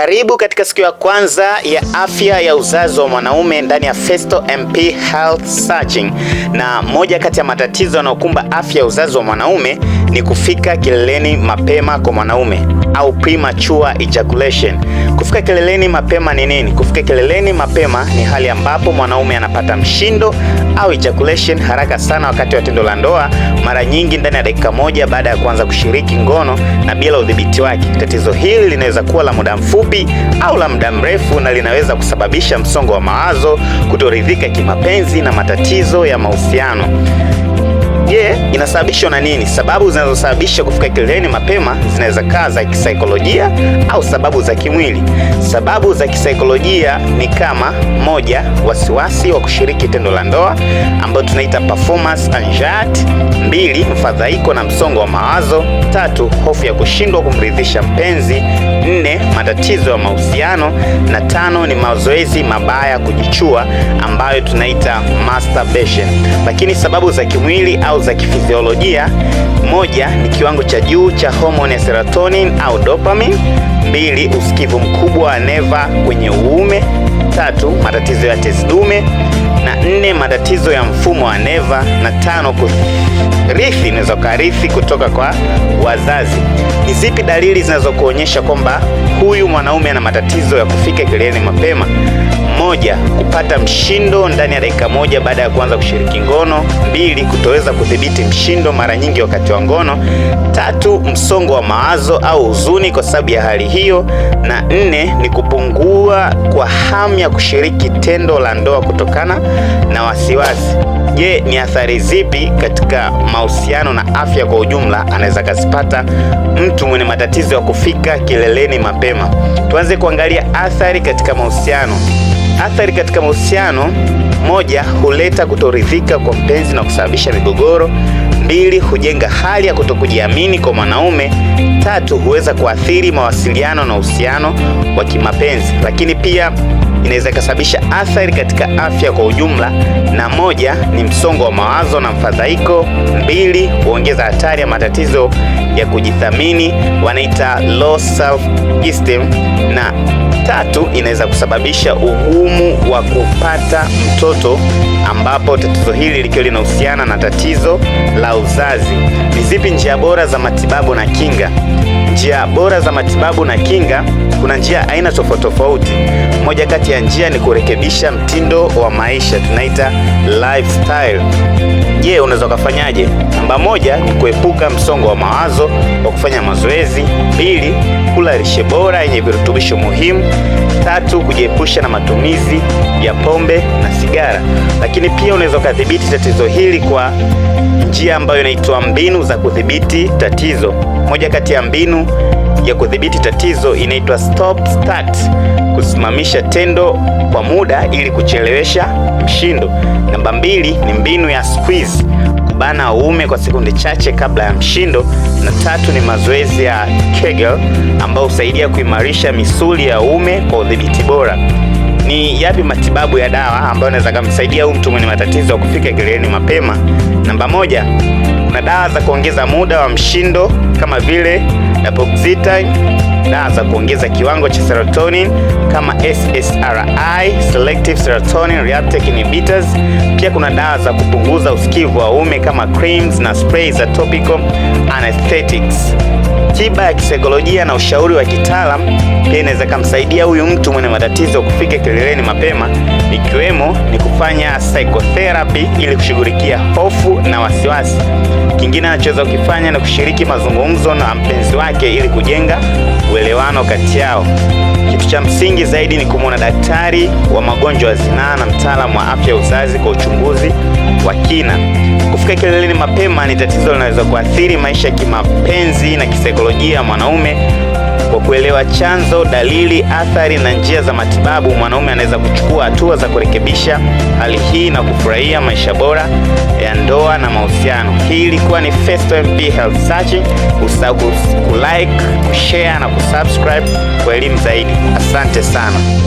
Karibu katika siku ya kwanza ya afya ya uzazi wa mwanaume ndani ya Festo MP Health Searching. Na moja kati ya matatizo yanayokumba afya ya uzazi wa mwanaume ni kufika kileleni mapema kwa mwanaume au premature ejaculation. Kufika kileleni mapema ni nini? Kufika kileleni mapema ni hali ambapo mwanaume anapata mshindo au ejaculation haraka sana wakati wa tendo la ndoa, mara nyingi ndani ya dakika moja baada ya kuanza kushiriki ngono na bila udhibiti wake. Tatizo hili linaweza kuwa la muda mfupi au la muda mrefu, na linaweza kusababisha msongo wa mawazo, kutoridhika kimapenzi na matatizo ya mahusiano. Je, yeah, inasababishwa na nini? Sababu zinazosababisha kufika kileleni mapema zinaweza kaa za kisaikolojia au sababu za kimwili. Sababu za kisaikolojia ni kama moja, wasiwasi wa kushiriki tendo la ndoa ambayo tunaita performance anxiety; mbili, mfadhaiko na msongo wa mawazo; tatu, hofu ya kushindwa kumridhisha mpenzi nne matatizo ya mahusiano, na tano ni mazoezi mabaya kujichua ambayo tunaita masturbation. Lakini sababu za kimwili au za kifiziolojia, moja ni kiwango cha juu cha homoni ya serotonin au dopamine. Mbili, usikivu mkubwa wa neva kwenye uume tatu, matatizo ya tezi dume na nne, matatizo ya mfumo wa neva na tano, kurithi inaweza kutoka kwa wazazi. Ni zipi dalili zinazokuonyesha kwamba huyu mwanaume ana matatizo ya kufika kileleni mapema? moja, kupata mshindo ndani ya dakika moja baada ya kuanza kushiriki ngono. Mbili, kutoweza kudhibiti mshindo mara nyingi wakati wa ngono. Tatu, msongo wa mawazo au huzuni kwa sababu ya hali hiyo, na nne ni kupungua kwa hamu ya kushiriki tendo la ndoa kutokana na wasiwasi. Je, ni athari zipi katika mahusiano na afya kwa ujumla anaweza akazipata mtu mwenye matatizo ya kufika kileleni mapema? Tuanze kuangalia athari katika mahusiano. Athari katika mahusiano: moja, huleta kutoridhika kwa mpenzi na kusababisha migogoro. Mbili, hujenga hali ya kutokujiamini kwa mwanaume. Tatu, huweza kuathiri mawasiliano na uhusiano wa kimapenzi, lakini pia inaweza ikasababisha athari katika afya kwa ujumla, na moja ni msongo wa mawazo na mfadhaiko, mbili huongeza hatari ya matatizo ya kujithamini, wanaita low self esteem, na tatu inaweza kusababisha ugumu wa kupata mtoto, ambapo tatizo hili likiwa linahusiana na tatizo la uzazi. Ni zipi njia bora za matibabu na kinga? njia bora za matibabu na kinga, kuna njia aina tofauti tofauti. Moja kati ya njia ni kurekebisha mtindo wa maisha, tunaita lifestyle. Je, unaweza ukafanyaje? Namba moja ni kuepuka msongo wa mawazo kwa kufanya mazoezi. Pili, kula lishe bora yenye virutubisho muhimu. Tatu, kujiepusha na matumizi ya pombe na sigara. Lakini pia unaweza ukadhibiti tatizo hili kwa njia ambayo inaitwa mbinu za kudhibiti tatizo. Moja kati ya mbinu mbinu ya kudhibiti tatizo inaitwa stop start, kusimamisha tendo kwa muda ili kuchelewesha mshindo. Namba mbili ni mbinu ya squeeze, kubana uume kwa sekunde chache kabla ya mshindo. Na tatu ni mazoezi ya Kegel ambayo husaidia kuimarisha misuli ya uume kwa udhibiti bora. Ni yapi matibabu ya dawa ambayo anaweza kumsaidia huyu mtu mwenye matatizo ya kufika kileleni mapema? Namba moja, kuna dawa za kuongeza muda wa mshindo kama vile epoch Z time dawa za kuongeza kiwango cha serotonin kama SSRI, selective serotonin reuptake inhibitors. Pia kuna dawa za kupunguza usikivu wa uume kama creams na sprays za topical anesthetics. Tiba ya kisaikolojia na ushauri wa kitaalam pia inaweza kumsaidia huyu mtu mwenye matatizo kufika kileleni mapema, ikiwemo ni kufanya psychotherapy ili kushughulikia hofu na wasiwasi. Kingine anachoweza kukifanya ni kushiriki mazungumzo na mpenzi wake ili kujenga uelewano kati yao. Kitu cha msingi zaidi ni kumwona daktari wa magonjwa ya zinaa na mtaalamu wa afya ya uzazi kwa uchunguzi wa kina. Kufika kileleni mapema ni tatizo linaweza kuathiri maisha ya kimapenzi na kisaikolojia ya mwanaume kwa kuelewa chanzo, dalili, athari na njia za matibabu, mwanaume anaweza kuchukua hatua za kurekebisha hali hii na kufurahia maisha bora ya ndoa na mahusiano. Hii ilikuwa ni Festo MP Health Search. Usisahau kulike, kushare na kusubscribe kwa elimu zaidi. Asante sana.